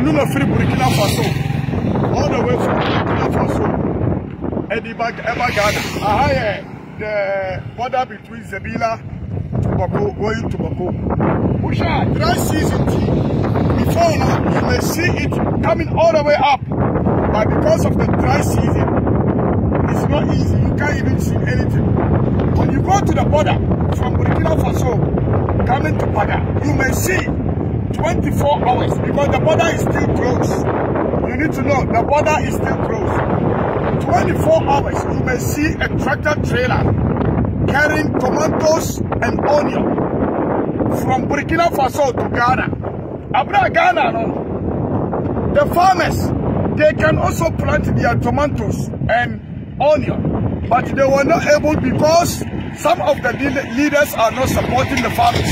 and you know free Burkina Faso all the way from Burkina Faso ɛdi ba ɛba Ghana aha yɛ the border between Zebila to Bako going to Bako wusa dry season ti before now, you may see it coming all the way up but because of the dry season it's not easy you can't even see anything when you go to the border from Burkina Faso coming to Pada you may see. 24 hours because the border is still closed. You need to know the border is still closed. 24 hours, you may see a tractor trailer carrying tomatoes and onion from Burkina Faso to Ghana. Abra Ghana, no? The farmers, they can also plant their tomatoes and onion, but they were not able because Some of the leaders are not supporting the farmers.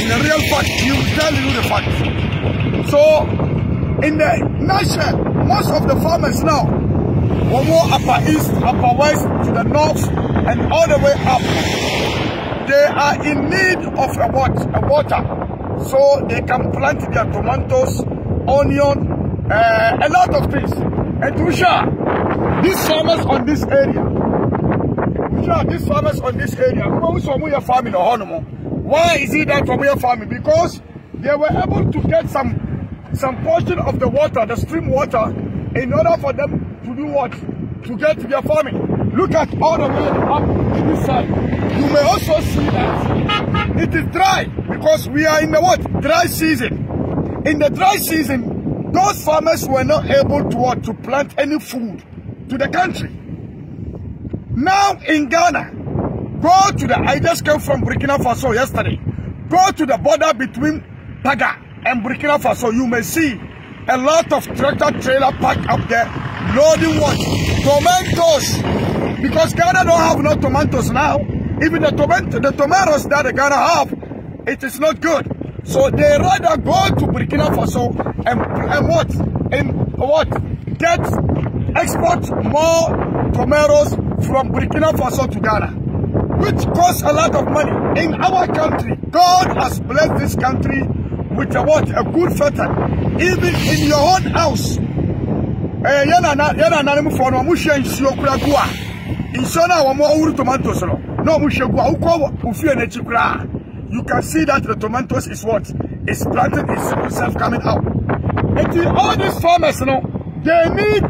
In the real fact, you tell you the fact. So, in the nation, most of the farmers now, from more upper east, upper west, to the north, and all the way up. They are in need of a, water, so they can plant their tomatoes, onion, uh, a lot of things. And Russia, these farmers on this area, children of these farmers on this area, farming why is it that from your farming? Because they were able to get some some portion of the water, the stream water, in order for them to do what? To get their farming. Look at all the way up to this side. You may also see that it is dry because we are in the what? Dry season. In the dry season, those farmers were not able to, what, to plant any food to the country. Now in Ghana, go to the, I just came from Burkina Faso yesterday. Go to the border between Paga and Burkina Faso. You may see a lot of tractor trailer parked up there, loading what? Tomatoes. Because Ghana don't have no tomatoes now. Even the, tomato, the tomatoes that Ghana have, it is not good. So they rather go to Burkina Faso and, and what? And what? Get, export more tomatoes from Burkina Faso to Ghana, which costs a lot of money. In our country, God has blessed this country with a what? A good fountain. Even in your own house. Eh, yana na yana na mu fono mu hwe nsuo kura gua. Nsuo na wo mo awuru tomatoes no. Na mu hwe gua ukọ ofie na chikura. You can see that the tomatoes is what is planted is itself coming out. And all these farmers you they need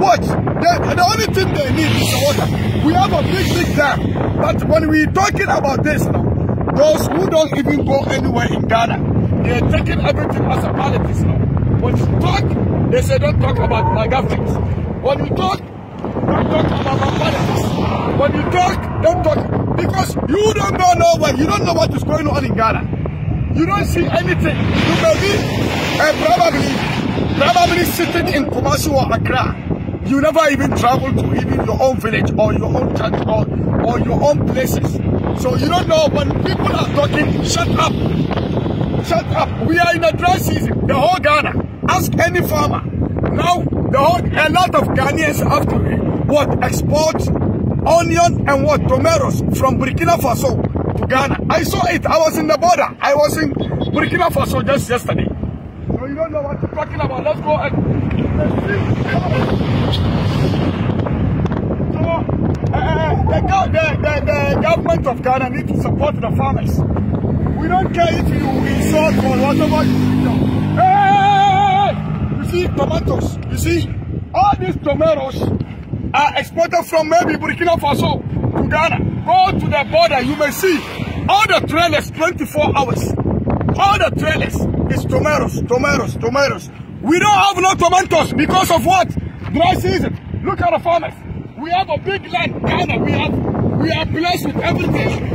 Watch. The, the only thing they need is water. We have a big, big dam. But when we're talking about this now, those who don't even go anywhere in Ghana, they're taking everything as a politics now. When you talk, they say don't talk about government. When you talk, don't talk about politics. When you talk, don't talk. Because you don't know nowhere. You don't know what is going on in Ghana. You don't see anything. You may be, and eh, probably, probably sitting in Kumasi or Accra. You never even travel to even your own village or your own church or, or your own places. So you don't know when people are talking, shut up. Shut up. We are in a dry season. The whole Ghana. Ask any farmer. Now, the whole, a lot of Ghanaians have to what? Export onion and what? Tomatoes from Burkina Faso to Ghana. I saw it. I was in the border. I was in Burkina Faso just yesterday. So you don't know what you're talking about. Let's go and the government of Ghana need to support the farmers. We don't care if you insult or whatever you do. Hey! You see tomatoes, you see, all these tomatoes are exported from maybe Burkina Faso to Ghana. Go to the border, you may see all the trailers 24 hours. All the trailers is tomatoes, tomatoes, tomatoes. We don't have no tomatoes because of what? Dry season. Look at the farmers. We have a big land, Ghana. We have we are blessed with everything.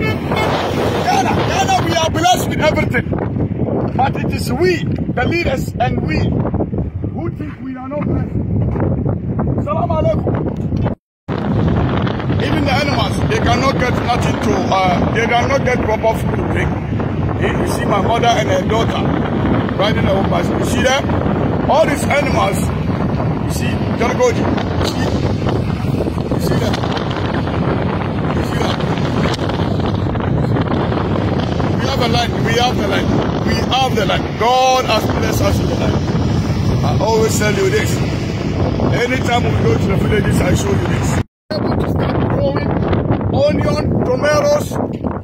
Ghana, Ghana, we are blessed with everything. But it is we, the leaders, and we who think we are not blessed. Salam alaikum. Even the animals, they cannot get nothing to, uh, they cannot get proper food to drink. You see my mother and her daughter riding over. You see them? All these animals, you see, gotta go. You see, you see that? You see that? We have a light. We have the light. We have the light. God has blessed us with the light. I always tell you this. Anytime we go to the villages, I show you this. Able to start growing onion, tomatoes,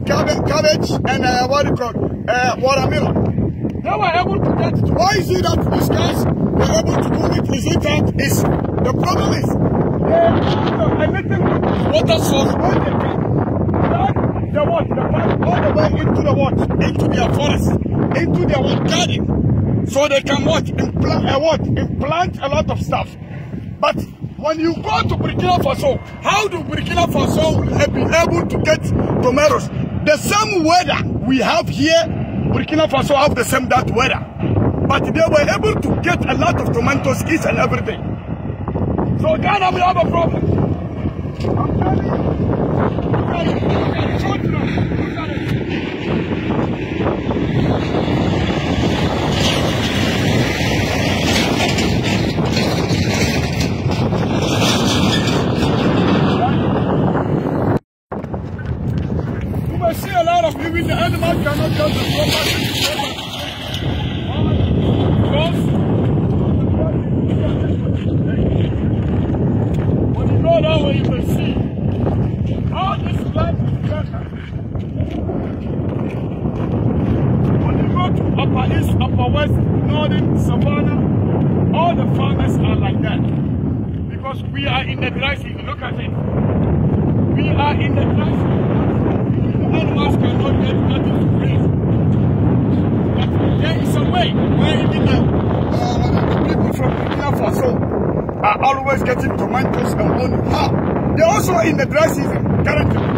cabbage, cabbage and uh, what do you call Uh, watermelon. They were able to get it. Why is it that these guys were able to do it? Is it that is the problem is they have anything with water source Where they drink. the what? The pipe all the way into the what? Into their forest, into their what garden. So they can what? Implant plant uh, what? Implant a lot of stuff. But when you go to Burkina Faso, how do Burkina Faso be able to get tomatoes? The same weather we have here Burkina Faso have the same that weather. But they were able to get a lot of tomatoes each and every day. So Ghana will have a problem. you. the farmers are like that. Because we are in the dry season. Look at it. We are in the dry season. Animals cannot get nothing to graze. But there is a way where even the, uh, the people from Burkina Faso are always getting tomatoes and onions. They're also in the dry season currently.